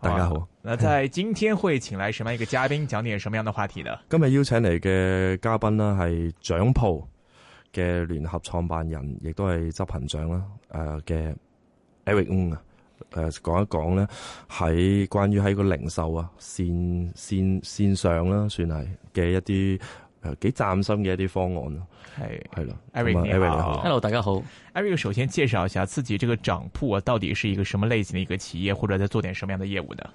大家好、啊，那在今天會請來什麼樣一個嘉賓，講點什麼樣的話題呢？今日邀請嚟嘅嘉賓啦，係掌鋪嘅聯合創辦人，亦都係執行長啦。誒嘅 Eric Ng 啊，誒講一講咧喺關於喺個零售啊，線線線上啦，算係嘅一啲。誒，幾嶄新嘅一啲方案咯，係係咯，Eric Eric 你好，Hello 大家好，Eric 首先介紹一下自己，這個掌鋪啊到底是一個什麼類型嘅一個企業，或者在做點什麼樣的業務呢？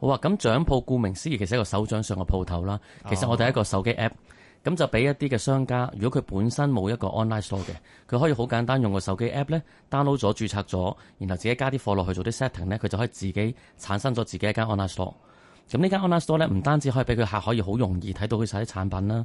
好啊，咁掌鋪顧名思義，其實一個手掌上嘅鋪頭啦，其實我哋一個手機 app，咁、哦、就俾一啲嘅商家，如果佢本身冇一個 online store 嘅，佢可以好簡單用個手機 app 咧 download 咗注冊咗，然後自己加啲貨落去做啲 setting 咧，佢就可以自己產生咗自己一間 online store。咁呢間 online store 咧，唔單止可以俾佢客可以好容易睇到佢晒啲產品啦。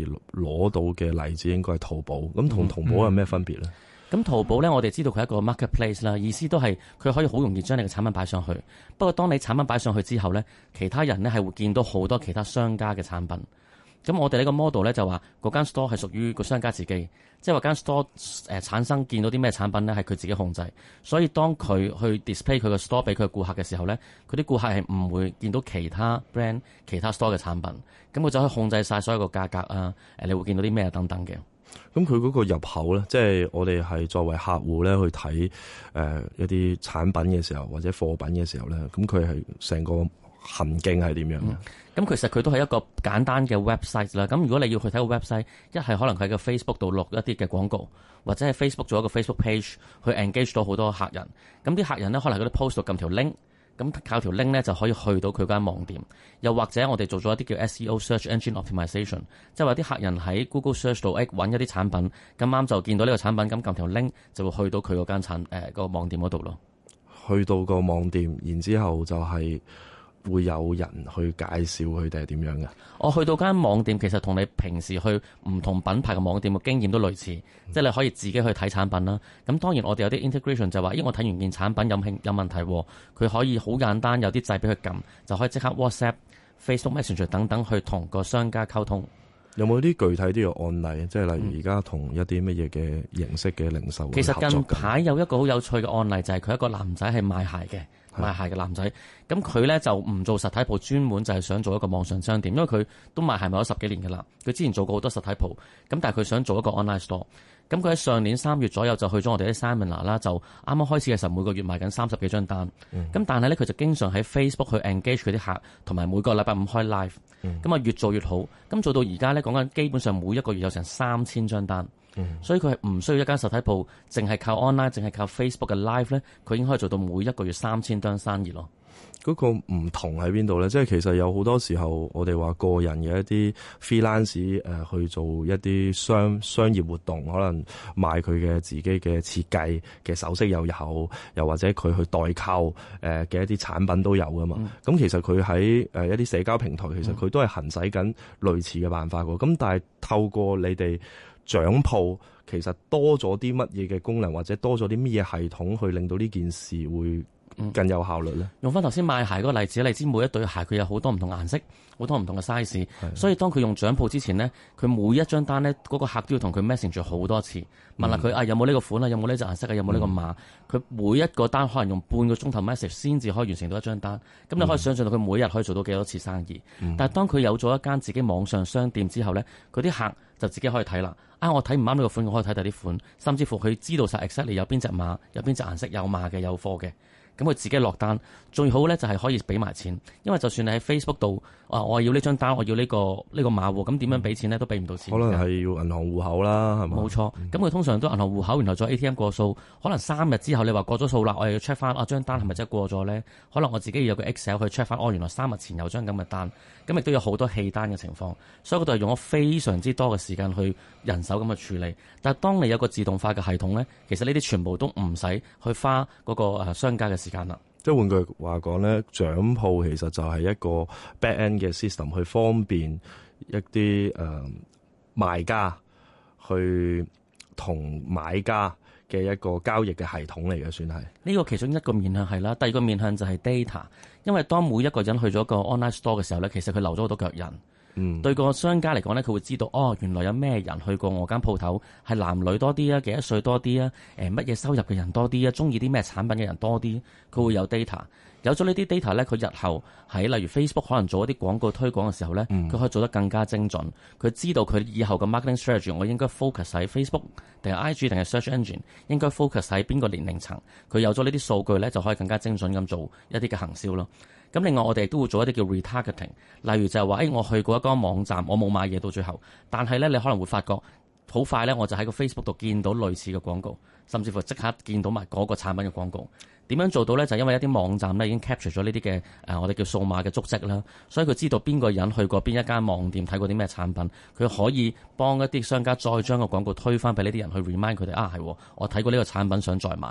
攞到嘅例子應該係淘寶，咁同淘寶有咩分別呢？咁、嗯嗯嗯、淘寶呢，我哋知道佢係一個 marketplace 啦，意思都係佢可以好容易將你嘅產品擺上去。不過當你產品擺上去之後呢，其他人咧係會見到好多其他商家嘅產品。咁我哋呢個 model 咧就話，嗰間 store 係屬於個商家自己，即係話間 store 誒產生見到啲咩產品咧係佢自己控制，所以當佢去 display 佢個 store 俾佢顧客嘅時候咧，佢啲顧客係唔會見到其他 brand 其他 store 嘅產品，咁佢就可以控制晒所有個價格啊，誒，你會見到啲咩等等嘅。咁佢嗰個入口咧，即係我哋係作為客戶咧去睇誒一啲產品嘅時候或者貨品嘅時候咧，咁佢係成個行徑係點樣？嗯咁其實佢都係一個簡單嘅 website 啦。咁如果你要去睇個 website，一係可能佢喺個 Facebook 度落一啲嘅廣告，或者喺 Facebook 做一個 Facebook page 去 engage 到好多客人。咁啲客人呢，可能佢啲 post 度撳條 link，咁靠條 link 咧就可以去到佢間網店。又或者我哋做咗一啲叫 SEO（search engine optimization），即係話啲客人喺 Google search 度揾一啲產品，咁啱就見到呢個產品，咁撳條 link 就會去到佢嗰間產誒個網店嗰度咯。去到個網店，然之後就係、是。會有人去介紹佢哋係點樣㗎？我、哦、去到間網店，其實同你平時去唔同品牌嘅網店嘅經驗都類似，嗯、即係你可以自己去睇產品啦。咁、嗯、當然我哋有啲 integration 就話，咦我睇完件產品有冇有問題，佢可以好簡單有啲掣俾佢撳，就可以即刻 WhatsApp、Facebook、Messenger 等等去同個商家溝通。有冇啲具體啲嘅案例？即係例如而家同一啲乜嘢嘅形式嘅零售、嗯？其實近排有一個好有趣嘅案例，就係、是、佢一個男仔係賣鞋嘅。賣是鞋嘅男仔，咁佢咧就唔做實體鋪，專門就係想做一個網上商店，因為佢都賣鞋賣咗十幾年㗎啦。佢之前做過好多實體鋪，咁但係佢想做一個 online store。咁佢喺上年三月左右就去咗我哋啲 seminar 啦，就啱啱開始嘅時候每個月賣緊三十幾張單，咁、嗯、但係咧佢就經常喺 Facebook 去 engage 佢啲客，同埋每個禮拜五開 live，咁啊、嗯、越做越好，咁做到而家咧講緊基本上每一個月有成三千張單。嗯、所以佢係唔需要一間實體鋪，淨係靠 online，淨係靠 Facebook 嘅 live 咧，佢已經可以做到每一個月三千單生意咯。嗰個唔同喺邊度咧？即係其實有好多時候，我哋話個人嘅一啲 freelance 誒、呃、去做一啲商商業活動，可能賣佢嘅自己嘅設計嘅首飾又有，又或者佢去代購誒嘅一啲產品都有噶嘛。咁、嗯、其實佢喺誒一啲社交平台，其實佢都係行使緊類似嘅辦法噶。咁、嗯、但係透過你哋。掌鋪其實多咗啲乜嘢嘅功能，或者多咗啲乜嘢系統去令到呢件事會更有效率呢？嗯、用翻頭先賣鞋嗰個例子，你知每一對鞋佢有好多唔同顏色，好多唔同嘅 size，的所以當佢用掌鋪之前呢，佢每一張單呢，嗰、那個客都要同佢 message 好多次，問下佢啊有冇呢個款啊、嗯，有冇呢隻顏色啊，有冇呢個碼？佢每一個單可能用半個鐘頭 message 先至可以完成到一張單，咁、嗯、你可以想象到佢每日可以做到幾多次生意。嗯、但係當佢有咗一間自己網上商店之後呢，佢啲客。就自己可以睇啦。啊，我睇唔啱呢個款，我可以睇第啲款，甚至乎佢知道晒 Excel 裏有邊隻碼，有邊隻顏色有碼嘅，有貨嘅。咁佢自己落單，最好咧就係可以俾埋錢，因為就算你喺 Facebook 度，啊我要呢張單，我要、這個這個、呢個呢個碼喎，咁點樣俾錢咧都俾唔到錢。可能係要銀行戶口啦，係咪吧？冇錯，咁佢通常都銀行戶口，然後再 ATM 過數，可能三日之後你話過咗數啦，我又要 check 翻啊張、啊、單係咪真係過咗咧？可能我自己要有個 Excel 去 check 翻，哦、啊、原來三日前有張咁嘅單，咁亦都有好多棄單嘅情況，所以嗰度係用咗非常之多嘅時間去人手咁嘅處理。但係當你有個自動化嘅系統咧，其實呢啲全部都唔使去花嗰個誒商家嘅時間。間啦，即係換句話講咧，掌鋪其實就係一個 back end 嘅 system，去方便一啲誒賣家去同買家嘅一個交易嘅系統嚟嘅，算係。呢個其中一個面向係啦，第二個面向就係 data，因為當每一個人去咗個 online store 嘅時候咧，其實佢留咗好多腳印。嗯，對個商家嚟講咧，佢會知道哦，原來有咩人去過我間鋪頭，係男女多啲啊，幾多歲多啲啊，誒乜嘢收入嘅人多啲啊，中意啲咩產品嘅人多啲，佢會有 data。有咗呢啲 data 咧，佢日後喺例如 Facebook 可能做一啲廣告推廣嘅時候咧，佢可以做得更加精準。佢知道佢以後嘅 marketing strategy，我應該 focus 喺 Facebook 定係 IG 定係 search engine，應該 focus 喺邊個年齡層。佢有咗呢啲數據咧，就可以更加精準咁做一啲嘅行銷咯。咁另外我哋都會做一啲叫 retargeting，例如就係話，誒、哎、我去過一間網站，我冇買嘢到最後，但係咧你可能會發覺好快咧，我就喺個 Facebook 度見到類似嘅廣告，甚至乎即刻見到埋嗰個產品嘅廣告。點樣做到咧？就係、因為一啲網站咧已經 capture 咗呢啲嘅我哋叫數碼嘅足跡啦，所以佢知道邊個人去過邊一間網店睇過啲咩產品，佢可以幫一啲商家再將個廣告推返俾呢啲人去 remind 佢哋啊，係我睇過呢個產品想再買。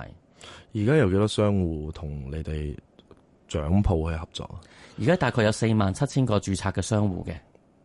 而家有幾多商戶同你哋？掌鋪去合作，而家大概有四萬七千個註冊嘅商戶嘅，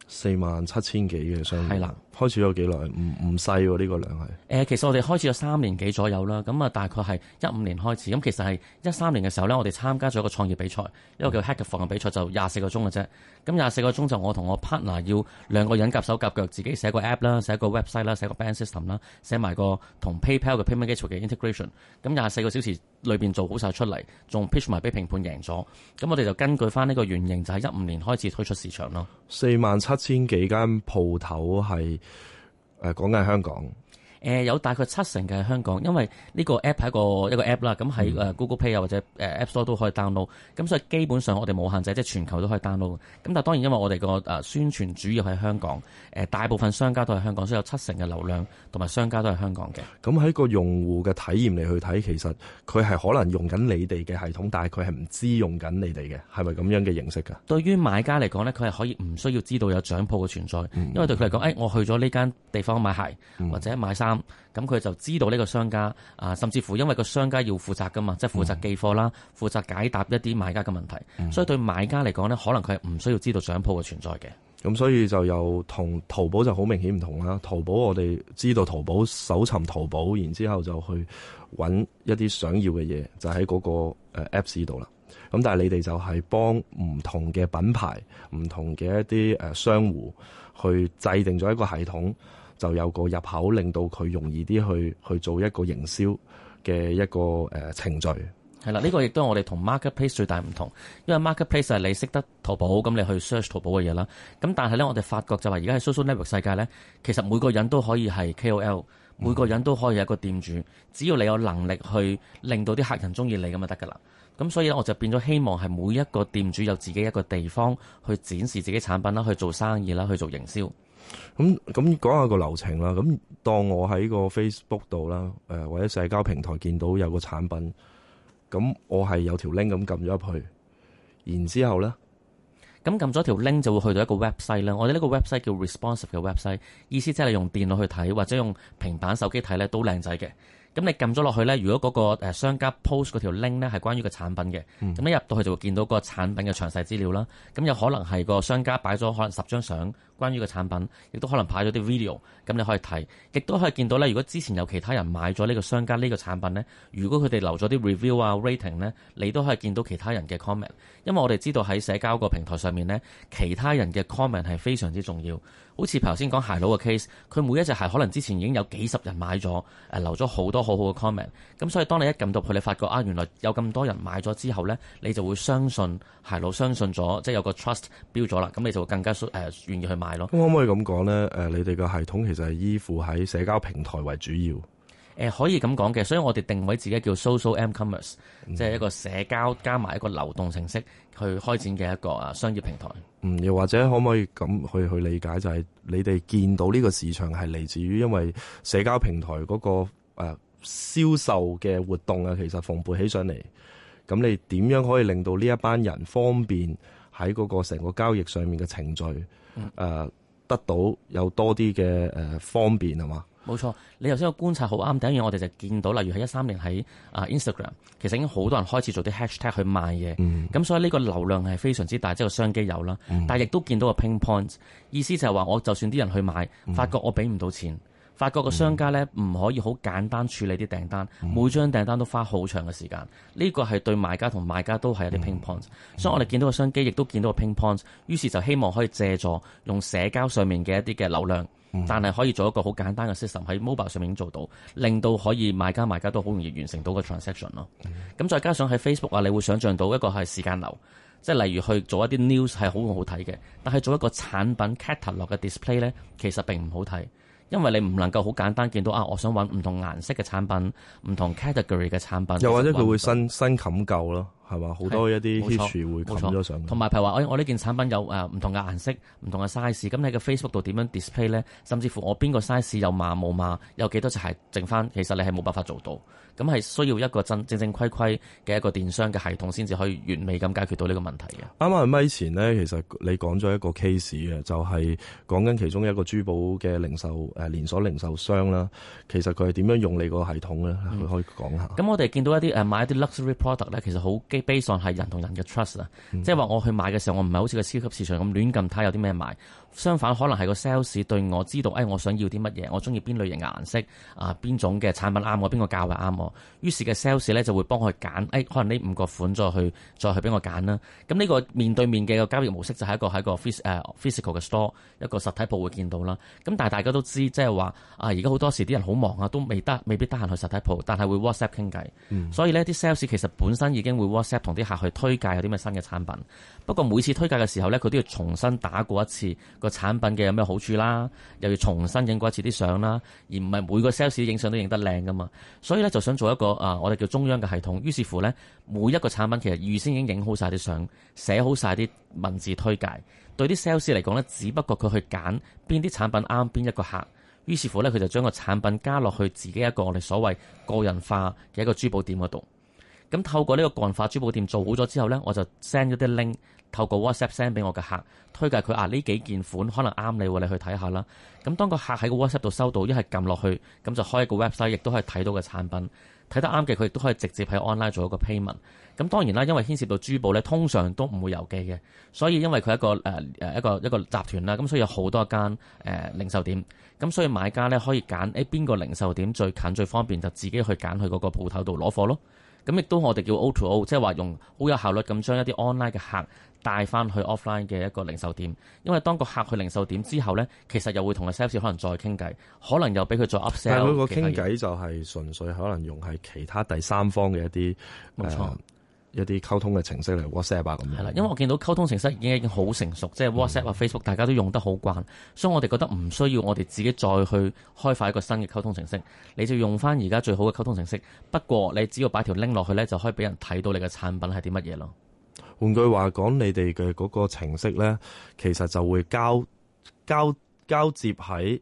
四萬七千幾嘅商戶係啦。開始咗幾耐？唔唔細喎、啊，呢個量係。其實我哋開始咗三年幾左右啦。咁啊，大概係一五年開始。咁其實係一三年嘅時候咧，我哋參加咗一個創業比賽，一個叫 Hackathon 嘅比賽，就廿四個鐘嘅啫。咁廿四個鐘就我同我 partner 要兩個人夾手夾腳，自己寫個 app 啦，寫個 website 啦，寫個 band system 啦，寫埋個同 PayPal 嘅 payment gateway 嘅 integration。咁廿四個小時裏面做好晒出嚟，仲 pitch 埋俾評判贏咗。咁我哋就根據返呢個原型，就喺一五年開始推出市場咯。四萬七千幾間鋪頭係。誒講緊香港？誒有大概七成嘅係香港，因為呢個 app 係一個一個 app 啦，咁喺 Google Play 啊或者 App Store 都可以 download，咁所以基本上我哋冇限制，即係全球都可以 download。咁但當當然因為我哋個誒宣傳主要喺香港，誒大部分商家都係香港，所以有七成嘅流量同埋商家都係香港嘅。咁喺個用戶嘅體驗嚟去睇，其實佢係可能用緊你哋嘅系統，但係佢係唔知用緊你哋嘅，係咪咁樣嘅形式㗎？對於買家嚟講咧，佢係可以唔需要知道有掌鋪嘅存在，因為對佢嚟講，誒我去咗呢間地方買鞋或者買衫。咁，佢、嗯、就知道呢個商家啊，甚至乎因為個商家要負責噶嘛，即係負責寄貨啦，負、嗯、責解答一啲買家嘅問題，嗯、所以對買家嚟講呢，可能佢係唔需要知道上鋪嘅存在嘅。咁所以就又同淘寶就好明顯唔同啦。淘寶我哋知道淘寶，搜尋淘寶，然之後就去揾一啲想要嘅嘢，就喺嗰個 apps 度啦。咁但係你哋就係幫唔同嘅品牌、唔同嘅一啲誒商戶去制定咗一個系統。就有個入口，令到佢容易啲去去做一個營銷嘅一個誒程序。係啦，呢、呢個亦都係我哋同 marketplace 最大唔同，因為 marketplace 係你識得淘寶咁，你去 search 淘寶嘅嘢啦。咁但係呢，我哋發覺就話而家喺 social network 世界呢，其實每個人都可以係 KOL，每個人都可以係一個店主，嗯、只要你有能力去令到啲客人中意你咁就得㗎啦。咁所以咧，我就變咗希望係每一個店主有自己一個地方去展示自己產品啦，去做生意啦，去做營銷。咁咁講下個流程啦。咁當我喺個 Facebook 度啦，誒或者社交平台見到有個產品，咁我係有條 link 咁撳咗入去，然之後咧，咁撳咗條 link 就會去到一個 website 啦。我哋呢個 website 叫 responsive 嘅 website，意思即係用電腦去睇或者用平板手機睇咧都靚仔嘅。咁你撳咗落去咧，如果嗰個誒商家 post 嗰條 link 咧係關於、嗯、個產品嘅，咁一入到去就會見到個產品嘅詳細資料啦。咁有可能係個商家擺咗可能十張相。關於個產品，亦都可能拍咗啲 video，咁你可以睇，亦都可以見到咧。如果之前有其他人買咗呢個商家呢個產品咧，如果佢哋留咗啲 review 啊 rating 咧，你都可以見到其他人嘅 comment。因為我哋知道喺社交個平台上面咧，其他人嘅 comment 係非常之重要。好似頭先講鞋佬嘅 case，佢每一隻鞋可能之前已經有幾十人，買咗，呃，留咗好多好好嘅 comment。咁所以當你一撳到佢，你發覺啊，原來有咁多人買咗之後咧，你就會相信鞋佬，相信咗即係有個 trust 標咗啦。咁你就會更加呃、願意去買。咁可唔可以咁講咧？誒、呃，你哋嘅系統其實係依附喺社交平台為主要。誒、呃，可以咁講嘅，所以我哋定位自己叫 social m commerce，嗯、即係一個社交加埋一個流動程式去開展嘅一個啊商業平台。嗯，又或者可唔可以咁去去理解，就係你哋見到呢個市場係嚟自於因為社交平台嗰，那個誒銷、呃、售嘅活動啊，其實蓬勃起上嚟，咁你點樣可以令到呢一班人方便？喺嗰個成個交易上面嘅程序，誒得到有多啲嘅誒方便係嘛？冇、嗯、錯，你頭先個觀察好啱。第一樣我哋就見到，例如喺一三年喺啊 Instagram，其實已經好多人開始做啲 hashtag 去賣嘢。咁、嗯、所以呢個流量係非常之大，即係個商機有啦。嗯、但係亦都見到個 pain point，意思就係話我就算啲人去買，發覺我俾唔到錢。嗯嗯發覺個商家咧，唔可以好簡單處理啲訂單，嗯、每張訂單都花好長嘅時間。呢、嗯、個係對買家同賣家都係有啲 pain points，嗯、 所以我哋見到個商機，亦都見到個 pain points 於是就希望可以借助用社交上面嘅一啲嘅流量，嗯、但係可以做一個好簡單嘅 system 喺 mobile、嗯、上面做到，令到可以買家賣家都好容易完成到個 transaction 咯。咁、嗯、再加上喺 Facebook 啊，你會想象到一個係時間流，即係例如去做一啲 news 係好好睇嘅，但係做一個產品 catalog 嘅 display 咧，其實並唔好睇。因為你唔能夠好簡單見到啊，我想揾唔同顏色嘅產品，唔同 category 嘅產品。又或者佢會新新冚舊咯。係嘛？好多一啲 heat 會冚咗上，同埋譬如話，我我呢件產品有誒唔同嘅顏色、唔同嘅 size，咁喺個 Facebook 度點樣 display 咧？甚至乎我邊個 size 有碼冇碼？有幾多隻鞋剩翻？其實你係冇辦法做到，咁係需要一個真正正規規嘅一個電商嘅系統先至可以完美咁解決到呢個問題嘅。啱啱係咪前咧？其實你講咗一個 case 嘅，就係講緊其中一個珠寶嘅零售誒連鎖零售商啦。其實佢係點樣用你個系統咧？佢、嗯、可以講下。咁我哋見到一啲買一啲 luxury product 咧，其實好。basic 係人同人嘅 trust 啊、嗯，即係話我去買嘅時候，我唔係好似個超級市場咁亂咁睇有啲咩買。相反，可能係個 sales 對我知道，誒、哎，我想要啲乜嘢，我中意邊類型顏色啊，邊種嘅產品啱我，邊個價位啱我，於是嘅 sales 咧就會幫我去揀，誒、哎，可能呢五個款再去再去俾我揀啦。咁呢個面對面嘅個交易模式就係一個喺個 physical 嘅 store，一個實體鋪會見到啦。咁但係大家都知，即係話啊，而家好多時啲人好忙啊，都未得未必得閒去實體鋪，但係會 WhatsApp 傾偈。嗯、所以呢啲 sales 其實本身已經會 WhatsApp 同啲客去推介有啲咩新嘅產品。不過每次推介嘅時候呢，佢都要重新打過一次。個產品嘅有咩好處啦？又要重新影過一次啲相啦，而唔係每個 sales 影相都影得靚噶嘛。所以咧就想做一個啊，我哋叫中央嘅系統。於是乎呢，每一個產品其實預先已經影好晒啲相，寫好晒啲文字推介。對啲 sales 嚟講呢，只不過佢去揀邊啲產品啱邊一個客。於是乎呢，佢就將個產品加落去自己一個我哋所謂個人化嘅一個珠寶店嗰度。咁透過呢個鋼化珠寶店做好咗之後呢，我就 send 咗啲 link 透過 WhatsApp send 俾我嘅客，推介佢啊，呢幾件款可能啱你喎，你去睇下啦。咁當個客喺個 WhatsApp 度收到，一係撳落去咁就開一個 website，亦都可以睇到嘅產品睇得啱嘅，佢亦都可以直接喺 online 做一個 payment。咁當然啦，因為牽涉到珠寶呢，通常都唔會郵寄嘅，所以因為佢一個、呃、一個一個、一個集團啦，咁所以有好多間、呃、零售店，咁所以買家呢，可以揀誒邊個零售點最近最方便，就自己去揀去嗰個鋪頭度攞貨咯。咁亦都我哋叫 O to O，即係話用好有效率咁將一啲 online 嘅客帶翻去 offline 嘅一個零售店，因為當個客去零售店之後咧，其實又會同個 sales 可能再傾偈，可能又俾佢再 Upsell。但係佢個傾偈就係純粹可能用係其他第三方嘅一啲，冇錯。一啲溝通嘅程式嚟 WhatsApp 啊咁樣係啦，因為我見到溝通程式已經已經好成熟，即係 WhatsApp 或 Facebook 大家都用得好慣，嗯、所以我哋覺得唔需要我哋自己再去開發一個新嘅溝通程式，你就用翻而家最好嘅溝通程式。不過你只要擺條拎落去咧，就可以俾人睇到你嘅產品係啲乜嘢咯。換句話講，你哋嘅嗰個程式咧，其實就會交交交接喺、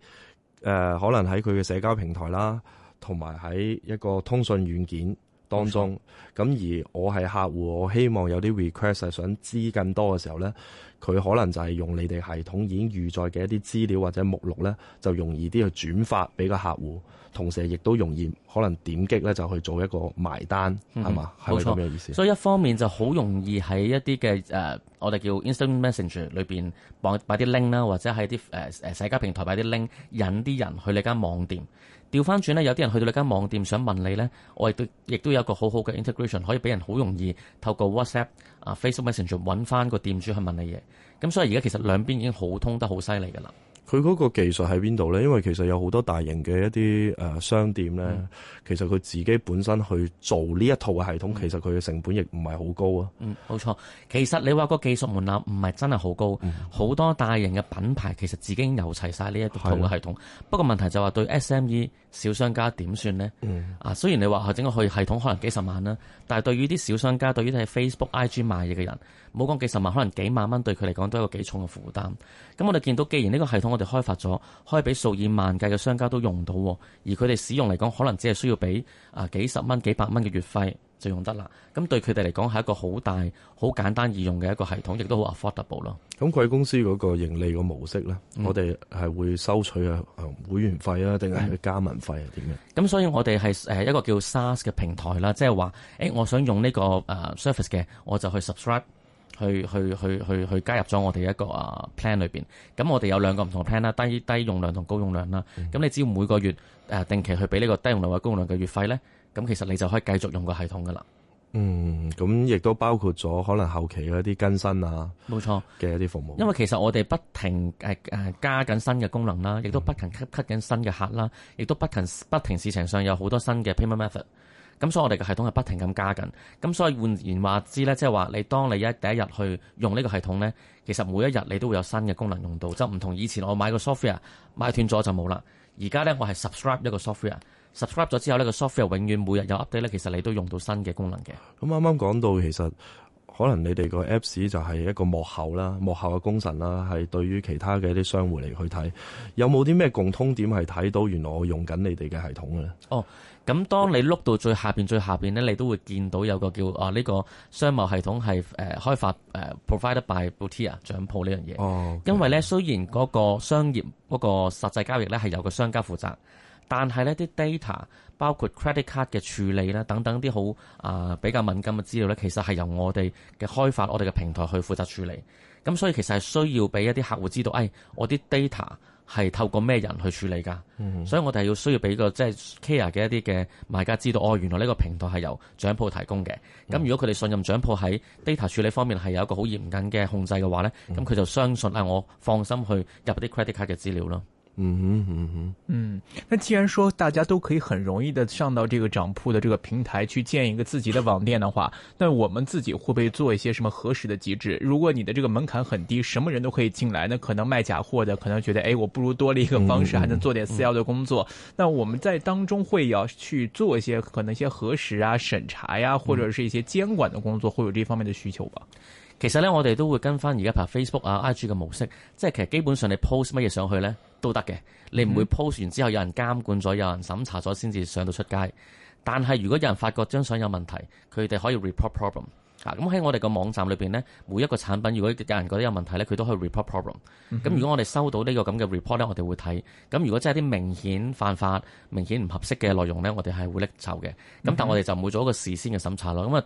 呃、可能喺佢嘅社交平台啦，同埋喺一個通訊軟件。當中咁而我係客戶，我希望有啲 request 想知更多嘅時候呢，佢可能就係用你哋系統已經預載嘅一啲資料或者目錄呢，就容易啲去轉發俾個客戶，同時亦都容易可能點擊呢，就去做一個埋單，係嘛、嗯？係咁嘅意思？冇、嗯、錯，所以一方面就好容易喺一啲嘅誒，uh, 我哋叫 Instant Message 裏邊擺啲 link 啦，或者喺啲誒誒社交平台擺啲 link，引啲人去你間網店。調翻轉咧，有啲人去到你間網店想問你咧，我亦都亦都有一個好好嘅 integration，可以俾人好容易透過 WhatsApp 啊、Facebook Messenger 揾翻個店主去問你嘢。咁所以而家其實兩邊已經好通得好犀利㗎啦。佢嗰個技術喺邊度咧？因為其實有好多大型嘅一啲誒商店咧，嗯、其實佢自己本身去做呢一套嘅系統，嗯、其實佢嘅成本亦唔係好高啊。嗯，冇錯。其實你話個技術門檻唔係真係好高，好、嗯、多大型嘅品牌其實自己已經有齊晒呢一套嘅系統。的不過問題就係話對 SME 小商家點算呢？嗯啊，雖然你話、啊、整個去系統可能幾十萬啦，但係對於啲小商家，對於喺 Facebook、IG 賣嘢嘅人，冇講幾十萬，可能幾萬蚊對佢嚟講都係一個幾重嘅負擔。咁、嗯、我哋見到，既然呢個系統我哋開發咗，可以俾數以萬計嘅商家都用到，而佢哋使用嚟講，可能只係需要俾啊幾十蚊、幾百蚊嘅月費。就用得啦，咁對佢哋嚟講係一個好大、好簡單易用嘅一個系統，亦都好 affordable 咯。咁貴公司嗰個盈利個模式咧，嗯、我哋係會收取啊會員費啊，定係加盟費呀？點嘅、嗯？咁樣所以我哋係一個叫 SaaS 嘅平台啦，即係話，誒、欸、我想用呢個 service 嘅，我就去 subscribe，去去去去去加入咗我哋一個啊 plan 裏邊。咁我哋有兩個唔同 plan 啦，低低用量同高用量啦。咁、嗯、你只要每個月定期去俾呢個低用量或高用量嘅月費咧。咁其實你就可以繼續用個系統噶啦。嗯，咁亦都包括咗可能後期嗰啲更新啊冇錯，冇錯嘅一啲服務。因為其實我哋不停加緊新嘅功能啦，亦都、嗯、不停 cut 緊新嘅客啦，亦都不停不停市場上有好多新嘅 payment method。咁所以我哋嘅系統係不停咁加緊。咁所以換言話之咧，即係話你當你一第一日去用呢個系統咧，其實每一日你都會有新嘅功能用到。就唔同以前我買個 software 買斷咗就冇啦。而家咧我係 subscribe 一個 software。subscribe 咗之後呢、呢個 software 永遠每日有 update 咧，其實你都用到新嘅功能嘅。咁啱啱講到，其實可能你哋個 apps 就係一個幕後啦，幕後嘅功臣啦，係對於其他嘅一啲商戶嚟去睇，有冇啲咩共通點係睇到？原來我用緊你哋嘅系統嘅。哦，咁當你碌到最下面、最下面咧，你都會見到有個叫啊呢、呢個商貿系統係誒開發、啊、provide by Boutir 掌舖呢樣嘢。哦。Okay. 因為咧，雖然嗰個商業嗰、嗰個實際交易咧係有個商家負責。但係呢啲 data 包括 credit card 嘅處理啦，等等啲好啊、比較敏感嘅資料呢，其實係由我哋嘅開發、我哋嘅平台去負責處理。咁所以其實係需要俾一啲客戶知道，誒、哎，我啲 data 係透過咩人去處理㗎？嗯、哼所以我哋係要需要俾個即係、就是、care 嘅一啲嘅買家知道，哦，原來呢個平台係由掌鋪提供嘅。咁如果佢哋信任掌鋪喺 data 處理方面係有一個好嚴謹嘅控制嘅話呢，咁佢就相信啊、哎，我放心去入啲 credit card 嘅資料咯。嗯哼嗯哼嗯，那既然說大家都可以很容易的上到這個掌鋪的這個平台去建一個自己的網店的話，那我們自己會不會做一些什麼核實的機制？如果你的這個門檻很低，什麼人都可以進來，那可能賣假貨的可能覺得，哎，我不如多了一個方式，還能做點私要的工作。嗯嗯、那我們在當中會要去做一些可能一些核實啊、審查呀、啊，或者是一些監管的工作，會有這方面的需求吧？其實呢，我哋都會跟翻而家拍 Facebook 啊、IG 嘅模式，即係其實基本上你 post 咩嘢上去呢，都得嘅，你唔會 post 完之後有人監管咗、有人審查咗先至上到出街。但係如果有人發覺張相有問題，佢哋可以 report problem。咁喺我哋個網站裏面呢，每一個產品如果有人覺得有問題呢，佢都可以 report problem。咁、嗯、哼如果我哋收到呢個咁嘅 report 呢，我哋會睇。咁如果真係啲明顯犯法、明顯唔合適嘅內容呢，我哋係會拎走嘅。咁、嗯、哼但我哋就冇做一個事先嘅審查啦。咁啊，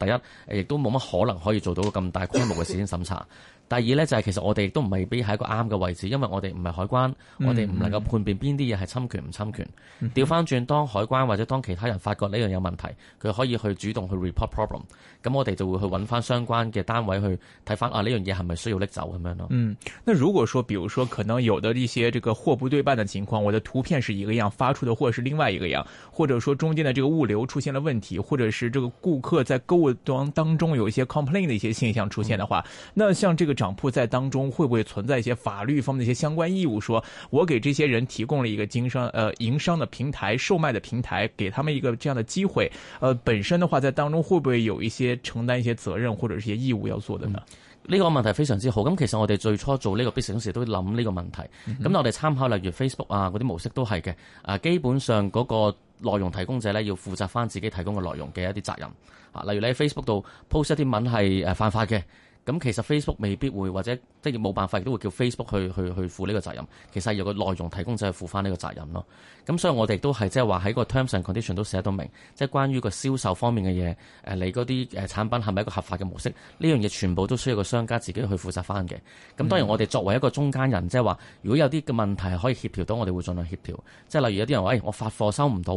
第一亦都冇乜可能可以做到咁大規模嘅事先審查。 第二呢就係、是、其實我哋都唔係俾喺一個啱嘅位置，因為我哋唔係海關，我哋唔能夠判別邊啲嘢係侵權唔侵權。調翻轉當海關或者當其他人發覺呢樣有問題，佢可以去主動去 report problem，咁我哋就會去揾翻相關嘅單位去睇翻啊呢樣嘢係咪需要拎走咁樣咯。嗯，那如果說，比如說可能有的一些這個貨不對辦的情況，我的圖片是一個樣發出的或者是另外一個樣，或者說中間的這個物流出現了問題，或者是這個顧客在購物當當中有一些 complain 的一些現象出現的話，嗯、那像這個。商鋪在當中會不會存在一些法律方面的一些相關義務？說我給這些人提供了一個經商、呃營商的平台，售賣的平台，給他們一個這樣的機會。呃，本身的話在當中會不會有一些承擔一些責任或者是一些義務要做的呢？呢，嗯呢個問題非常之好。咁其實我哋最初做呢個 business 嗰時都諗呢個問題。咁我哋參考例如 Facebook 啊，嗰啲模式都係嘅。啊，基本上嗰個內容提供者呢，要負責返自己提供嘅內容嘅一啲責任。啊，例如你喺 Facebook 度 post 一啲文係誒犯法嘅。咁其實 Facebook 未必會或者即係冇辦法，都會叫 Facebook 去去去負呢個責任。其實有個內容提供者去負翻呢個責任咯。咁所以我哋都係即係話喺個 terms and condition 都寫到明，即係關於個銷售方面嘅嘢，誒你嗰啲誒產品係咪一個合法嘅模式？呢樣嘢全部都需要個商家自己去負責翻嘅。咁當然我哋作為一個中間人，即係話如果有啲嘅問題係可以協調到，我哋會盡量協調。即係例如有啲人話，哎，我發貨收唔到，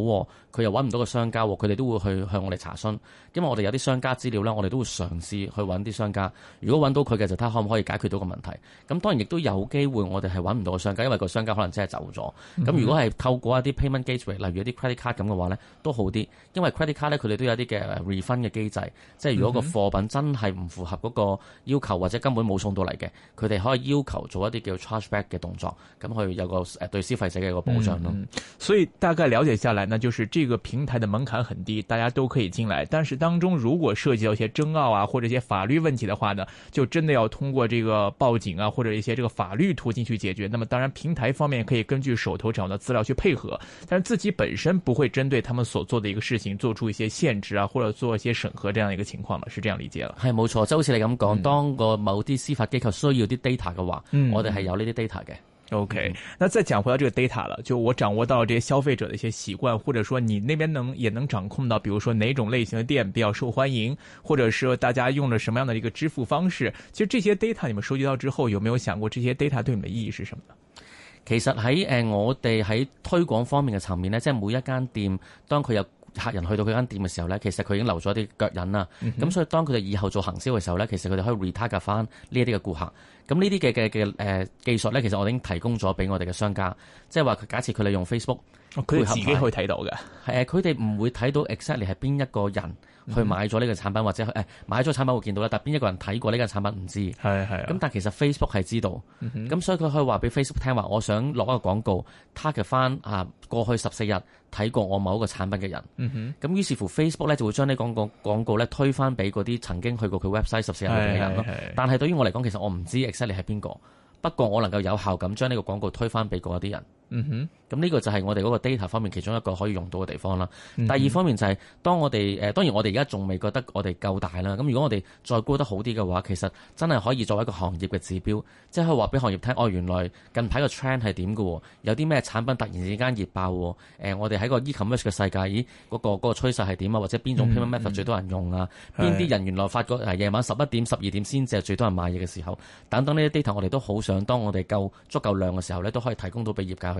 佢又揾唔到個商家，佢哋都會去向我哋查詢。因為我哋有啲商家資料咧，我哋都會嘗試去揾啲商家。如果揾到佢嘅就睇下可唔可以解決到個問題。咁當然亦都有機會我哋係揾唔到個商家，因為個商家可能真係走咗。咁、嗯、哼如果係透過一啲 payment gateway，例如一啲 credit card 咁嘅話咧，都好啲。因為 credit card 咧，佢哋都有啲嘅 refund 嘅機制，即係如果個貨品真係唔符合嗰個要求或者根本冇送到嚟嘅，佢哋可以要求做一啲叫 chargeback 嘅動作，咁去有個誒對消費者嘅一個保障咯、嗯。所以大概了解下來呢，就是這個平台嘅門檻很低，大家都可以進來，但是當中如果涉及到一些爭拗啊，或者一些法律問題嘅話呢？就真的要通過這個報警啊，或者一些這個法律途徑去解決。那麼當然，平台方面可以根據手頭掌握的資料去配合，但是自己本身不會針對他們所做的一個事情做出一些限制啊，或者做一些審核這樣一個情況了。是這樣理解了是？係冇錯，就好似你咁講，嗯，當個某啲司法機構需要啲 data 嘅話，嗯，我哋係有呢啲 data 嘅。OK，那再講回到這個 data 了，就我掌握到這些消費者的一些習慣，或者說你那邊能也能掌控到，比如說哪種類型的店比較受歡迎，或者是大家用了什麼樣的一個支付方式，其實這些 data 你們收集到之後，有沒有想過這些 data 對你們的意義是什麼呢？其實喺誒我哋喺推廣方面嘅層面呢，即係每一間店當佢有。客人去到佢間店嘅時候咧，其實佢已經留咗啲腳印啦。咁、嗯、哼所以當佢哋以後做行銷嘅時候咧，其實佢哋可以 retarget 翻呢一啲嘅顧客。咁呢啲嘅嘅嘅誒技術咧，其實我已經提供咗俾我哋嘅商家。即係話，佢假設佢哋用 Facebook，佢自己去睇到嘅。係啊，佢哋唔會睇到 exactly 係邊一個人。去買咗呢個產品或者誒、哎、買咗產品會見到啦，但邊一個人睇過呢個產品唔知，咁的，但其實 Facebook 係知道咁。嗯、哼所以佢可以話俾 Facebook 聽話，我想落一個廣告 target 翻啊過去十四日睇過我某一個產品嘅人，咁、嗯、哼於是乎 Facebook 咧就會將呢個廣告廣告咧推翻俾嗰啲曾經去過佢 website 十四日嘅人的但係對於我嚟講，其實我唔知 exactly 係邊個，不過我能夠有效咁將呢個廣告推翻俾嗰啲人。嗯哼，咁呢個就係我哋嗰個 data 方面其中一個可以用到嘅地方啦。嗯、哼第二方面就係當我哋誒，當然我哋而家仲未覺得我哋夠大啦。咁如果我哋再 grow 得好啲嘅話，其實真係可以作為一個行業嘅指標，即、就、係、是、可以話俾行業聽，哦原來近排個 trend 係點㗎喎，有啲咩產品突然之間熱爆喎、呃。我哋喺個 ecommerce 嘅世界，咦嗰、那個嗰、那個趨勢係點啊？或者邊種 payment method 最多人用啊？邊啲、嗯、人原來發覺夜晚十一點十二點先至係最多人買嘢嘅時候，等等呢啲 data 我哋都好想，當我哋夠足夠量嘅時候咧，都可以提供到俾業界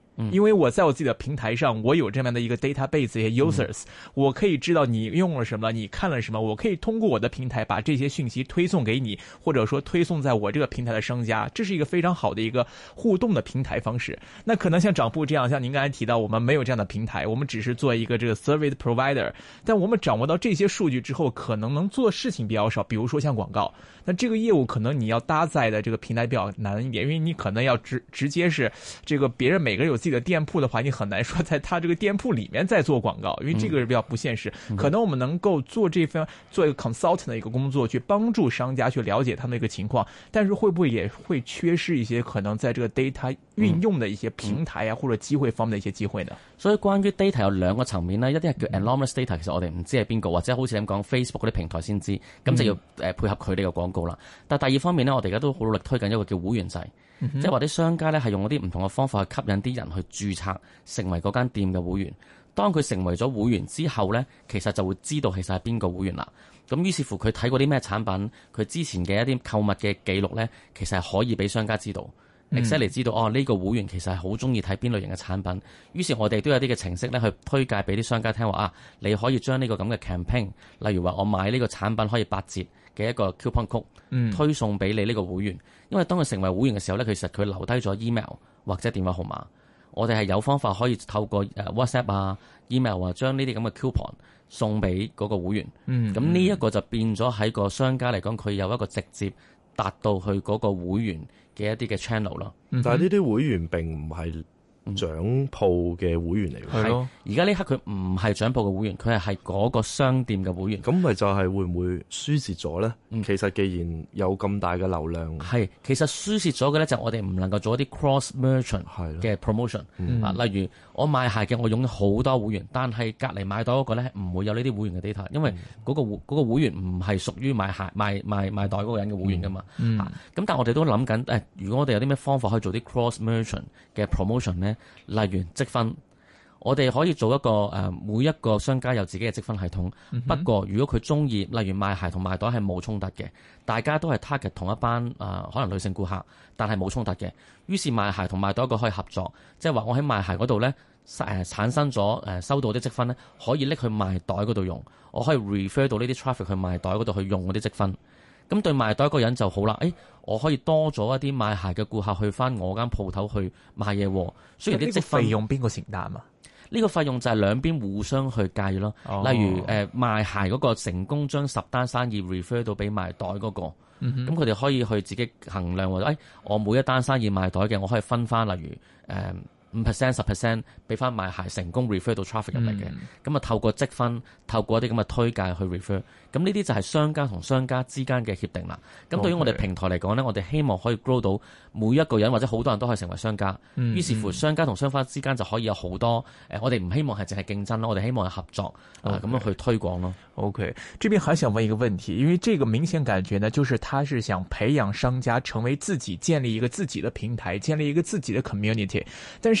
因為我在我自己的平台上，我有這樣的一個 database，一些 users，我可以知道你用了什麼，你看了什麼，我可以通過我的平台把這些信息推送給你，或者說推送在我這個平台的商家，這是一個非常好的一個互動的平台方式。那可能像掌布這樣，像您剛才提到，我們沒有這樣的平台，我們只是做一個這個 service provider，但我們掌握到這些數據之後，可能能做事情比較少，比如說像廣告，那這個業務可能你要搭載的這個平台比較難一點，因為你可能要直直接是這個別人每個人有自己。個店鋪的話，你很難說在它這個店鋪裡面再做廣告，因為這個是比較不現實。可能我們能夠做這份做一個 consultant 的一個工作，去幫助商家去了解他們的一個情況，但是會不會也會缺失一些可能在這個 data 運用的一些平台啊，嗯、或者機會方面的一些機會呢？所以關於 data 有兩個層面呢，一啲係叫 enormous data，其實我哋唔知係邊個，或者好似你咁講 Facebook 啲平台先知，咁就要誒配合佢呢個廣告啦。嗯、但第二方面呢，我哋而家都好努力推緊一個叫會員制。即係話啲商家咧係用嗰啲唔同嘅方法去吸引啲人去註冊成為嗰間店嘅會員。當佢成為咗會員之後呢，其實就會知道其實係邊個會員啦。咁於是乎佢睇過啲咩產品，佢之前嘅一啲購物嘅記錄呢，其實係可以俾商家知道。exactly 知道哦，呢個會員其實係好中意睇邊類型嘅產品，於是我哋都有啲嘅程式咧去推介俾啲商家聽話啊，你可以將呢個咁嘅 campaign，例如話我買呢個產品可以八折嘅一個 coupon 曲，code, 推送俾你呢個會員，因為當佢成為會員嘅時候咧，其實佢留低咗 email 或者電話號碼，我哋係有方法可以透過誒 WhatsApp 啊 email 啊，將呢啲咁嘅 coupon 送俾嗰個會員。嗯，咁呢一個就變咗喺個商家嚟講，佢有一個直接達到去嗰個會員。嘅一啲嘅 channel 咯，但係呢啲會員並唔係。獎鋪嘅會員嚟嘅係咯，而家呢刻佢唔係獎鋪嘅會員，佢係係嗰個商店嘅會員。咁咪就係會唔會輸蝕咗咧？嗯、其實既然有咁大嘅流量，係其實輸蝕咗嘅咧，就我哋唔能夠做一啲 cross merchant 嘅 promotion、嗯、啊，例如我賣鞋嘅，我用咗好多會員，但係隔籬賣袋嗰個咧，唔會有呢啲會員嘅 data，因為嗰個會嗰個會員唔係屬於賣鞋賣賣賣袋嗰個人嘅會員噶嘛、嗯嗯、啊，咁但係我哋都諗緊誒，如果我哋有啲咩方法可以做啲 cross merchant 嘅 promotion 咧？例如積分，我哋可以做一個誒，每一個商家有自己嘅積分系統。嗯、哼不過如果佢中意，例如賣鞋同賣袋係冇衝突嘅，大家都係 target 同一班、呃、可能女性顧客，但係冇衝突嘅。於是賣鞋同賣袋一個可以合作，即係話我喺賣鞋嗰度呢，誒產生咗誒收到啲積分呢可以拎去賣袋嗰度用，我可以 refer 到呢啲 traffic 去賣袋嗰度去用嗰啲積分。咁對賣袋一個人就好啦，誒、欸、我可以多咗一啲賣鞋嘅顧客去翻我間鋪頭去買嘢，雖然啲積分費用邊個承擔啊？呢個費用就係兩邊互相去計咯，哦、例如誒、呃、賣鞋嗰個成功將十單生意 refer 到俾賣袋嗰、那個，咁佢哋可以去自己衡量或者誒、欸、我每一單生意賣袋嘅，我可以分翻例如、呃五 percent 十 percent 俾翻買鞋成功 refer 到 traffic 入嚟嘅，咁啊、嗯、透過積分，透過一啲咁嘅推介去 refer，咁呢啲就係商家同商家之間嘅協定啦。咁對於我哋平台嚟講呢，okay, 我哋希望可以 grow 到每一個人或者好多人都可以成為商家。嗯、於是乎商家同商家之間就可以有好多誒，我哋唔希望係淨係競爭咯，我哋希望係合作 okay, 啊咁樣去推廣咯。OK，這邊還想問一個問題，因為這個明顯感覺呢，就是他是想培養商家成為自己，建立一個自己的平台，建立一個自己的 community，但是。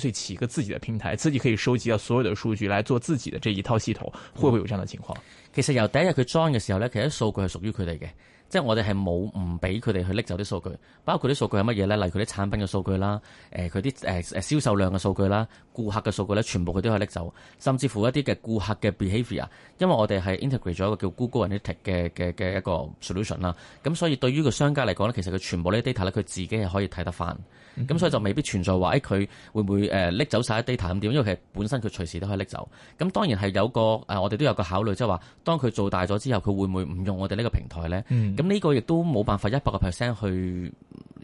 最起一個自己的平台，自己可以收集到所有的數據來做自己的這一套系統，會不會有這樣的情況？其實由第一日佢裝嘅時候咧，其實數據係屬於佢哋嘅。即係我哋係冇唔俾佢哋去拎走啲數據，包括啲數據係乜嘢咧？例如佢啲產品嘅數據啦，誒佢啲誒誒銷售量嘅數據啦，顧客嘅數據咧，全部佢都可以拎走，甚至乎一啲嘅顧客嘅 behaviour，因為我哋係 integrate 咗一個叫 Google Analytics 嘅嘅嘅一個 solution 啦。咁所以對於個商家嚟講咧，其實佢全部呢啲 data 咧，佢自己係可以睇得翻。咁、嗯、所以就未必存在話誒佢會唔會誒拎、呃、走晒啲 data 咁點？因為其實本身佢隨時都可以拎走。咁當然係有個誒、啊，我哋都有個考慮，即係話當佢做大咗之後，佢會唔會唔用我哋呢個平台咧？嗯。咁呢個亦都冇辦法一百個 percent 去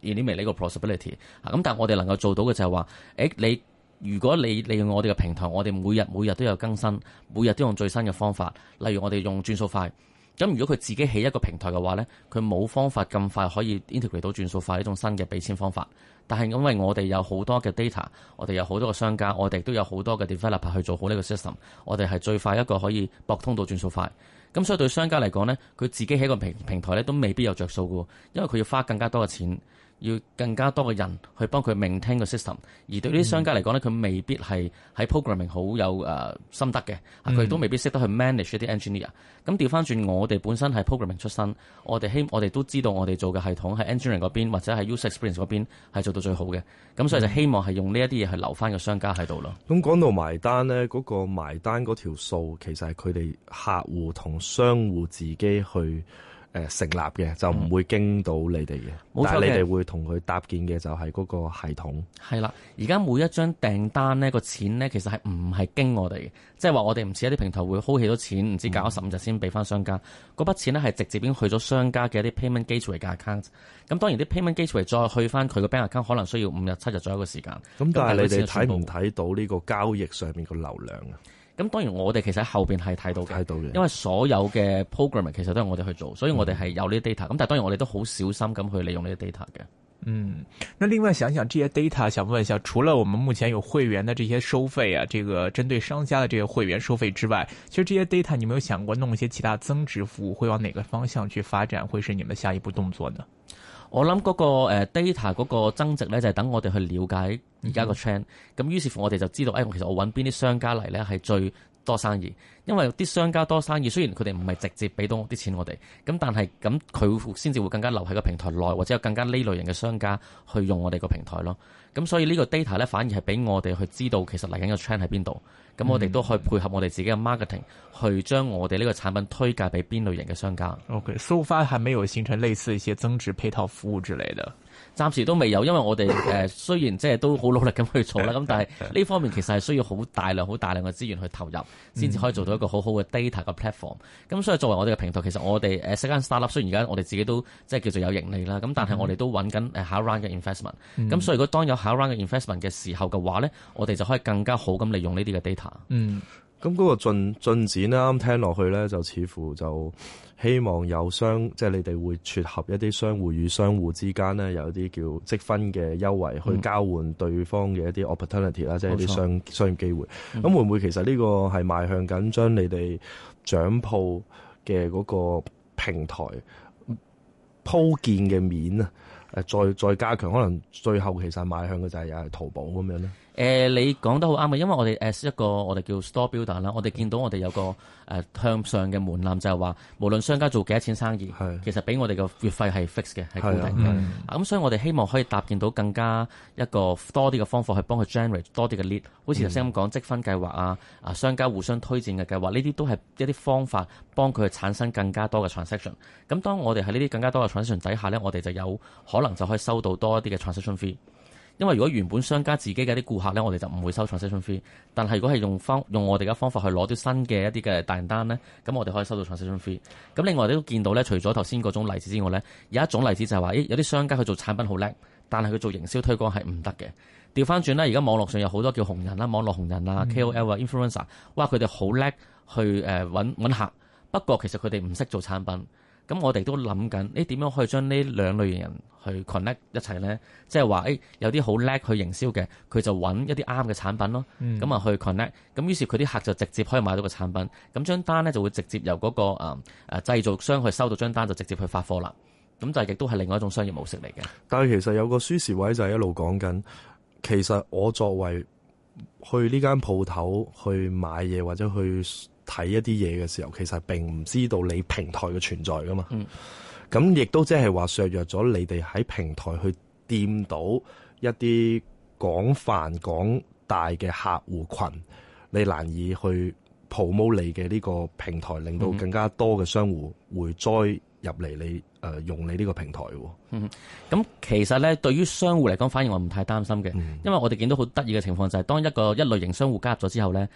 integrate 呢個 possibility。咁但係我哋能夠做到嘅就係話、哎，你如果你利用我哋嘅平台，我哋每日每日都有更新，每日都用最新嘅方法。例如我哋用轉數快。咁如果佢自己起一個平台嘅話呢，佢冇方法咁快可以 integrate 到轉數快呢種新嘅俾錢方法。但係因為我哋有好多嘅 data，我哋有好多個商家，我哋都有好多嘅 developer 去做好呢個 system。我哋係最快一個可以駁通到轉數快。咁所以對商家嚟講咧，佢自己喺個平平台咧都未必有着數嘅，因為佢要花更加多嘅錢。要更加多嘅人去幫佢 maintain 個 system，而對呢啲商家嚟講咧，佢未必係喺 programming 好有誒、呃、心得嘅，佢都未必識得去 manage 啲 engineer、嗯。咁調翻轉，我哋本身係 programming 出身，我哋希我哋都知道我哋做嘅系統喺 engineering 嗰邊或者係 user experience 嗰邊係做到最好嘅。咁所以就希望係用呢一啲嘢去留翻個商家喺度咯。咁講、嗯、到埋單咧，嗰、那個埋單嗰條數其實係佢哋客戶同商戶自己去。成立嘅就唔會經到你哋嘅，嗯、但係你哋會同佢搭建嘅就係嗰個系統。係啦，而家每一張訂單呢、個錢呢，其實係唔係經我哋嘅，即係話我哋唔似一啲平台會 hold 起咗錢，唔知搞咗十五日先俾翻商家。嗰筆錢咧係直接已經去咗商家嘅一啲 payment gateway account。咁當然啲 payment gateway 再去翻佢個 bank account，可能需要五日七日左右嘅時間。咁但係你哋睇唔睇到呢個交易上面個流量啊？咁當然我哋其實喺後邊係睇到嘅，因為所有嘅 programming 其實都係我哋去做，所以我哋係有呢啲 data。咁但係當然我哋都好小心咁去利用呢啲 data 嘅。嗯，那另外想想呢些 data，想問一下，除了我們目前有會員的這些收費啊，這個針對商家的這個會員收費之外，其實呢些 data 你有冇想過弄一些其他增值服務，會往哪個方向去發展？會是你們下一步動作呢？我諗嗰個 data 嗰個增值咧，就係等我哋去了解而家個 trend 咁於是乎我哋就知道，誒，其實我揾邊啲商家嚟咧係最。多生意，因為啲商家多生意，雖然佢哋唔係直接俾到啲錢我哋，咁但係咁佢先至會更加留喺個平台內，或者有更加呢類型嘅商家去用我哋個平台咯。咁所以呢個 data 咧，反而係俾我哋去知道其實嚟緊個 trend 喺邊度。咁、嗯、我哋都可以配合我哋自己嘅 marketing 去將我哋呢個產品推介俾邊類型嘅商家。OK，so far 係咪有形成類似一些增值配套服務之類的？暫時都未有，因為我哋誒雖然即係都好努力咁去做啦，咁但係呢方面其實係需要好大量、好大量嘅資源去投入，先至可以做到一個好好嘅 data 嘅 platform。咁、嗯、所以作為我哋嘅平台，其實我哋誒 set 間 startup 雖然而家我哋自己都即係叫做有盈利啦，咁但係我哋都揾緊誒下 round 嘅 investment。咁、嗯、所以如果當有下 round 嘅 investment 嘅時候嘅話咧，我哋就可以更加好咁利用呢啲嘅 data。嗯。咁嗰個進進展咧，啱聽落去咧，就似乎就希望有商，即、就、係、是、你哋會撮合一啲商戶與商戶之間咧，有啲叫積分嘅優惠去交換對方嘅一啲 opportunity 啦、嗯，即係一啲商、嗯、商業機會，咁、嗯、會唔會其實呢個係邁向緊將你哋掌鋪嘅嗰個平台鋪建嘅面啊？誒再再加強可能最後其實邁向嘅就係又係淘寶咁樣咧。誒、呃，你講得好啱啊！因為我哋 as 一個我哋叫 Store Builder 啦，我哋見到我哋有個誒、呃、向上嘅門檻，就係話無論商家做幾多錢生意，的其實俾我哋個月費係 fixed 嘅，係固定嘅。咁的、嗯嗯、所以我哋希望可以搭建到更加一個多啲嘅方法去幫佢 generate 多啲嘅 lead，好似頭先咁講積分計劃啊，啊商家互相推薦嘅計劃，呢啲都係一啲方法幫佢產生更加多嘅 transaction。咁當我哋喺呢啲更加多嘅 transaction 底下咧，我哋就有可能就可以收到多一啲嘅 transaction fee。因為如果原本商家自己嘅啲顧客咧，我哋就唔會收 transaction fee。但係如果係用方用我哋嘅方法去攞啲新嘅一啲嘅訂單咧，咁我哋可以收到 transaction fee。咁另外都見到咧，除咗頭先嗰種例子之外咧，有一種例子就係話，誒有啲商家佢做產品好叻，但係佢做營銷推廣係唔得嘅。調翻轉啦，而家網絡上有好多叫紅人啦，網絡紅人啊、嗯，KOL 啊，influencer，哇，佢哋好叻去誒揾揾客，不過其實佢哋唔識做產品。咁我哋都諗緊，誒點樣可以將呢兩類人去 connect 一齊咧？即係話，誒有啲好叻去營銷嘅，佢就揾一啲啱嘅產品咯。咁啊、嗯、去 connect，咁於是佢啲客就直接可以買到個產品。咁張單咧就會直接由嗰個啊誒製造商去收到張單就直接去發貨啦。咁就亦都係另外一種商業模式嚟嘅。但係其實有個舒士位就係一路講緊，其實我作為去呢間鋪頭去買嘢或者去。睇一啲嘢嘅時候，其實並唔知道你平台嘅存在噶嘛。咁亦都即係話削弱咗你哋喺平台去掂到一啲廣泛廣大嘅客戶群，你難以去 promote 你嘅呢個平台，令到更加多嘅商戶會再入嚟你誒、呃、用你呢個平台。咁、嗯、其實咧，對於商戶嚟講，反而我唔太擔心嘅，因為我哋見到好得意嘅情況就係、是、當一個一類型商戶加入咗之後咧。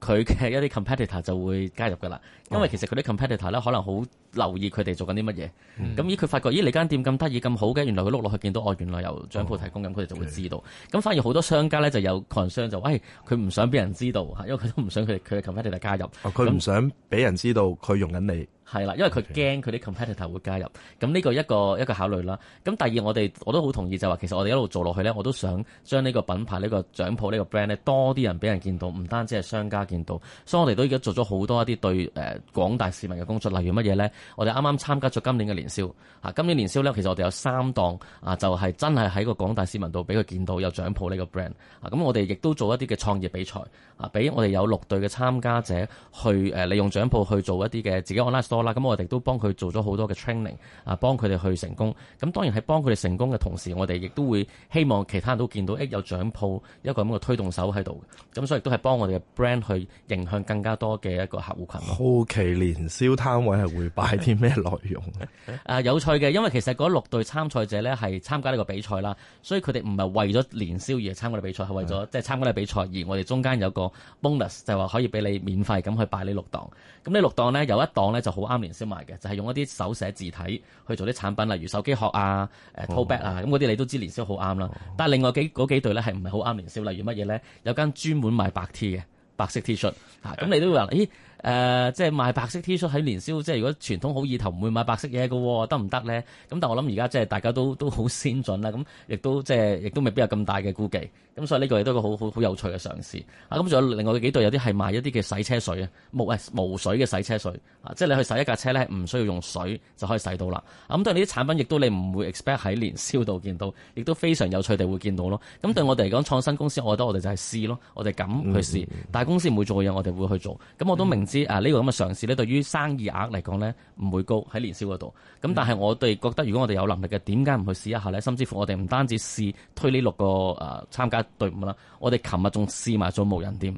佢嘅一啲 competitor 就會加入㗎啦，因為其實佢啲 competitor 咧，可能好留意佢哋做緊啲乜嘢？咁依佢發覺，咦，你間店咁得意咁好嘅，原來佢碌落去見到，哦原來由張鋪提供，咁佢哋就會知道，咁的反而好多商家咧，就有 concern，就，喂佢唔想俾人知道，嚇，因為佢都唔想佢佢嘅 competitor 加入，佢唔、哦、想俾人知道佢那用緊你。係啦，因為佢驚佢啲 competitor 會加入，咁、這、呢個一個一個考慮啦。咁第二，我哋我都好同意就話、是，其實我哋一路做落去咧，我都想將呢個品牌、呢、這個掌鋪、呢、這個 brand 咧多啲人俾人見到，唔單止係商家見到。所以我哋都而家做咗好多一啲對誒廣、呃、大市民嘅工作，例如乜嘢咧？我哋啱啱參加咗今年嘅年宵，啊，今年年宵咧，其實我哋有三檔啊，就係、是、真係喺個廣大市民度俾佢見到有掌鋪呢、這個 brand 啊。咁、嗯、我哋亦都做一啲嘅創業比賽啊，俾我哋有六隊嘅參加者去、呃、利用掌鋪去做一啲嘅自己咁我哋都幫佢做咗好多嘅 training 啊，幫佢哋去成功。咁、啊、當然係幫佢哋成功嘅同時，我哋亦都會希望其他人都見到一有獎鋪一個咁嘅推動手喺度。咁、啊、所以都係幫我哋嘅 brand 去影響更加多嘅一個客戶群。好奇年宵攤位係會擺啲咩內容嘅？ 啊，有趣嘅，因為其實嗰六隊參賽者咧係參加呢個比賽啦，所以佢哋唔係為咗年宵而參加嘅比賽，係的為咗即係參加嘅比賽而我哋中間有個 bonus 就話可以俾你免費咁去擺呢六檔。咁呢六檔呢，有一檔呢就好啱年宵賣嘅就係、是、用一啲手寫字體去做啲產品，例如手機殼啊、oh. tote bag 啊，咁嗰啲你都知年宵好啱啦。但係另外幾嗰幾對咧係唔係好啱年宵，例如乜嘢咧？有間專門賣白 T 嘅白色 T 恤吓，咁、 啊、你都會話咦？誒、呃，即係賣白色 T 恤喺年宵，即係如果傳統好意頭唔會買白色嘢嘅，哦，得唔得咧？咁但係我諗而家即係大家都都好先進啦，咁亦都即係亦都未必有咁大嘅估計，咁所以呢個亦都一個好好好有趣嘅嘗試。啊，咁仲有另外嘅幾對，有啲係賣一啲嘅洗車水啊，無水嘅洗車水，啊，即係你去洗一架車咧，唔需要用水就可以洗到啦。咁對呢啲產品，亦都你唔會 expect 喺年宵度見到，亦都非常有趣地會見到咯。咁對我哋嚟講，創新公司，我覺得我哋就係試咯，我哋敢去試，嗯，但係公司唔會做嘅嘢，我哋會去做。咁我都明。之啊呢個咁嘅嘗試咧，對於生意額嚟講咧，唔會高喺年銷嗰度。咁但係我哋覺得，如果我哋有能力嘅，點解唔去試一下咧？甚至乎我哋唔單止試推呢六個誒參加隊伍啦，我哋琴日仲試埋咗無人店。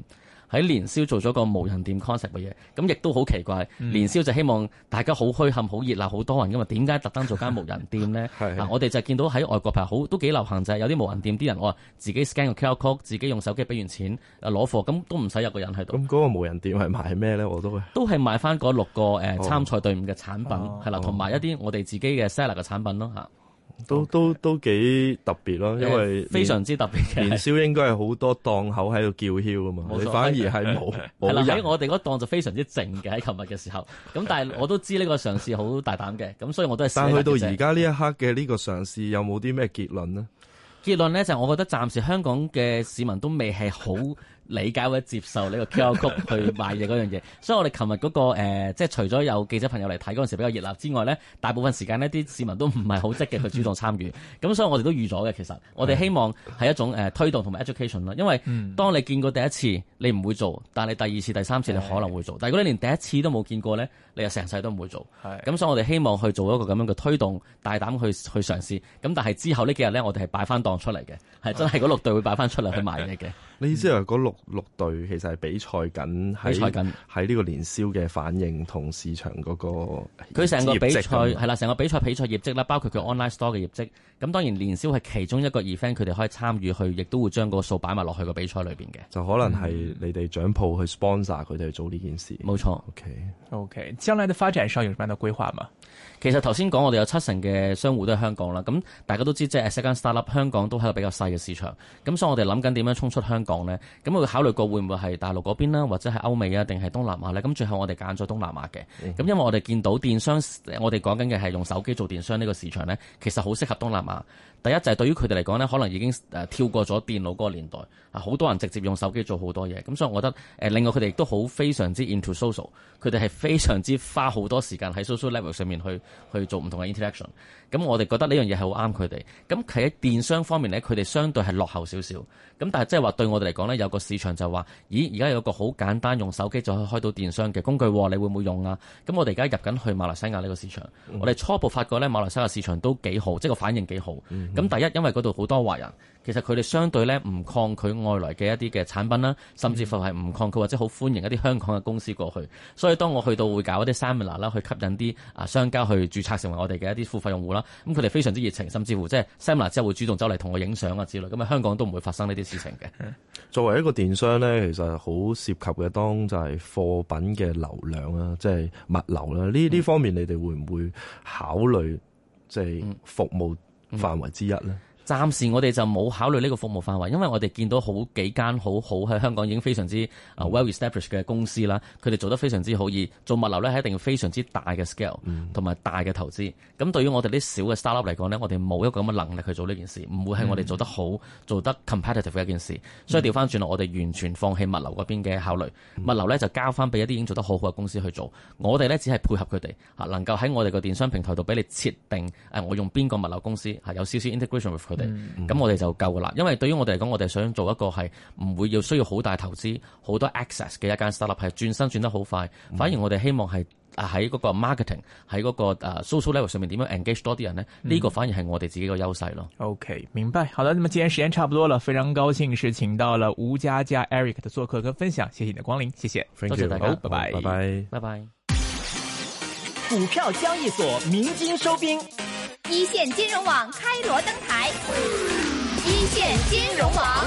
喺年宵做咗個無人店 concept 嘅嘢，咁亦都好奇怪。嗯、年宵就希望大家好墟冚、好熱鬧、好多人噶嘛，點解特登做間無人店咧？嗱 的、啊，我哋就見到喺外國排好都幾流行，就係、是、有啲無人店的人，啲人我話自己 scan 個 QR code，自己用手機俾完錢，誒攞貨，咁、嗯、都唔使有個人喺度。咁嗰個無人店係賣咩咧？我都會都係賣翻嗰六個誒參賽隊伍嘅產品，係啦、哦，同、哦、埋、哦、一啲我哋自己嘅 seller 嘅產品咯嚇。啊都 Okay. 都都幾特別咯，因為非常之特別嘅年宵應該係好多檔口喺度叫囂啊嘛，錯你反而係冇。嗱喺 我哋嗰檔就非常之靜嘅，喺琴日嘅時候。咁 但係我都知呢個嘗試好大膽嘅，咁所以我都係。但係去到而家呢一刻嘅呢個嘗試有冇啲咩結論呢？結論咧就係我覺得暫時香港嘅市民都未係好。 理解或者接受呢個 QR Code 去買嘢嗰樣嘢，所以我哋琴日嗰個、呃、即係除咗有記者朋友嚟睇嗰陣時比較熱鬧之外咧，大部分時間呢啲市民都唔係好積極去主動參與，咁 所以我哋都預咗嘅。其實我哋希望係一種誒、呃、推動同埋 education 啦，因為當你見過第一次，你唔會做，但你第二次、第三次你可能會做。 但如果你連第一次都冇見過咧，你又成世都唔會做。咁， 所以我哋希望去做一個咁樣嘅推動，大膽去去嘗試。咁但係之後呢幾日咧，我哋係擺翻檔出嚟嘅，真係嗰六隊會擺翻出嚟去買嘢嘅。 你意思係嗰六六隊其實係比賽緊，比賽緊喺呢個年宵嘅反應同市場，嗰個佢成個比賽係啦，成個比賽比賽業績啦，包括佢 online store 嘅業績。咁當然年宵係其中一個 event，佢哋可以參與去，亦都會將個數擺埋落去個比賽裏邊嘅。就可能係你哋掌鋪去 sponsor 佢哋去做呢件事。冇、嗯、錯。OK OK，將來嘅發展上有唔有咩嘅規劃嘛？其實頭先講我哋有七成嘅商戶都喺香港啦。咁大家都知道即係 Second Star 香港都喺個比較細嘅市場。咁所以我哋諗緊點樣衝出香港。講咧，咁我考慮過會唔會係大陸嗰邊啦，或者係歐美啊，定係東南亞咧？咁最後我哋揀咗東南亞嘅，咁因為我哋見到電商，我哋講緊嘅係用手機做電商呢個市場咧，其實好適合東南亞。第一就係對於佢哋嚟講咧，可能已經跳過咗電腦嗰個年代，啊好多人直接用手機做好多嘢，咁所以我覺得另外佢哋亦都好非常之 into social，佢哋係非常之花好多時間喺 social level 上面去去做唔同嘅 interaction，咁我哋覺得呢樣嘢係好啱佢哋。咁喺電商方面咧，佢哋相對係落後少少，咁但係即係話對我哋嚟講咧，有個市場就話，咦而家有個好簡單用手機就可以開到電商嘅工具，你會唔會用啊？咁我哋而家入緊去馬來西亞呢個市場，我哋初步發覺咧馬來西亞市場都幾好，即個反應幾好。嗯咁第一，因為嗰度好多華人，其實佢哋相對咧唔抗拒外來嘅一啲嘅產品啦，甚至乎係唔抗拒或者好歡迎一啲香港嘅公司過去。所以當我去到會搞一啲 seminar 啦，去吸引啲啊商家去註冊成為我哋嘅一啲付費用戶啦。咁佢哋非常之熱情，甚至乎即係 seminar 之後會主動走嚟同我影相啊之類。咁啊，香港都唔會發生呢啲事情嘅。作為一個電商咧，其實好涉及嘅當就係貨品嘅流量啦，即係物流啦。呢呢方面你哋會唔會考慮即係服務？範圍之一咧？暫時我哋就冇考慮呢個服務範圍，因為我哋見到好幾間好好喺香港已經非常之 well established 嘅公司啦，佢哋、嗯、做得非常之好，而做物流呢係一定要非常之大嘅 scale，同埋大嘅投資。咁、嗯、對於我哋啲小嘅 startup 嚟講呢，我哋冇一個咁嘅能力去做呢件事，唔會係我哋做得好、嗯、做得 competitive 嘅一件事。所以調翻轉落，我哋完全放棄物流嗰邊嘅考慮，嗯、物流呢就交翻俾一啲已經做得好好嘅公司去做。我哋呢只係配合佢哋吓，能夠喺我哋個電商平台度俾你設定，我用邊個物流公司，有少少 integration with 佢。咁、嗯嗯、我哋就夠噶啦，因為對於我哋嚟講，我哋想做一個係唔會要需要好大投資、好多 access 嘅一間 startup，係轉身轉得好快。嗯、反而我哋希望係喺嗰個 marketing，喺嗰個誒 social level 上面點樣 engage 多啲人呢？呢、嗯、個反而係我哋自己個優勢咯。OK，明白。好啦，咁啊，今天時間差唔多啦，非常高興是請到了吳家嘉 Eric 的做客跟分享，謝謝你嘅光臨，謝謝，Thank you. 多謝大家，拜拜，拜拜，拜拜。股票交易所鳴金收兵。一綫金融網開鑼登台，一綫金融網。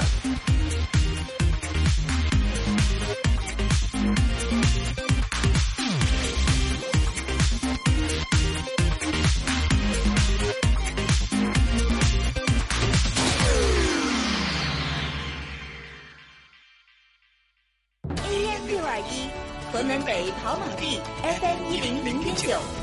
FM 六二一，河南北跑馬地 FM 一零零點九。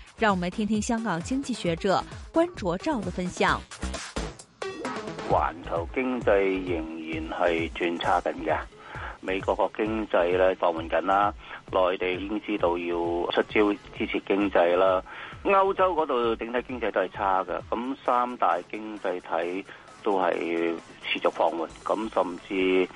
讓我們聽聽香港經濟學者關卓照的分享。環球經濟仍然係轉差緊嘅，美國個經濟咧放緩緊啦，內地已經知道要出招支持經濟啦，歐洲嗰度整體經濟都係差嘅，咁三大經濟體都係持續放緩，咁甚至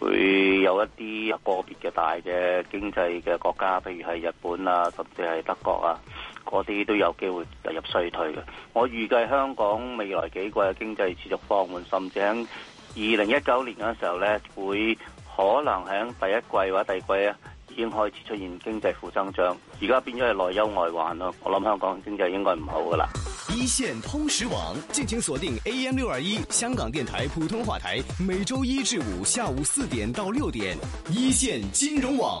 會有一啲個別嘅大嘅經濟嘅國家，譬如係日本啊，甚至係德國啊。嗰啲都有機會入衰退嘅。我預計香港未來幾季經濟持續放緩，甚至喺二零一九年嗰陣時候咧，會可能喺第一季或者第二季啊已經開始出現經濟負增長。而家變咗係內憂外患咯。我諗香港經濟應該唔好噶啦。一線通時網，敬請鎖定 AM 六二一香港電台普通話台，每周一至五下午四點到六點。一線金融網。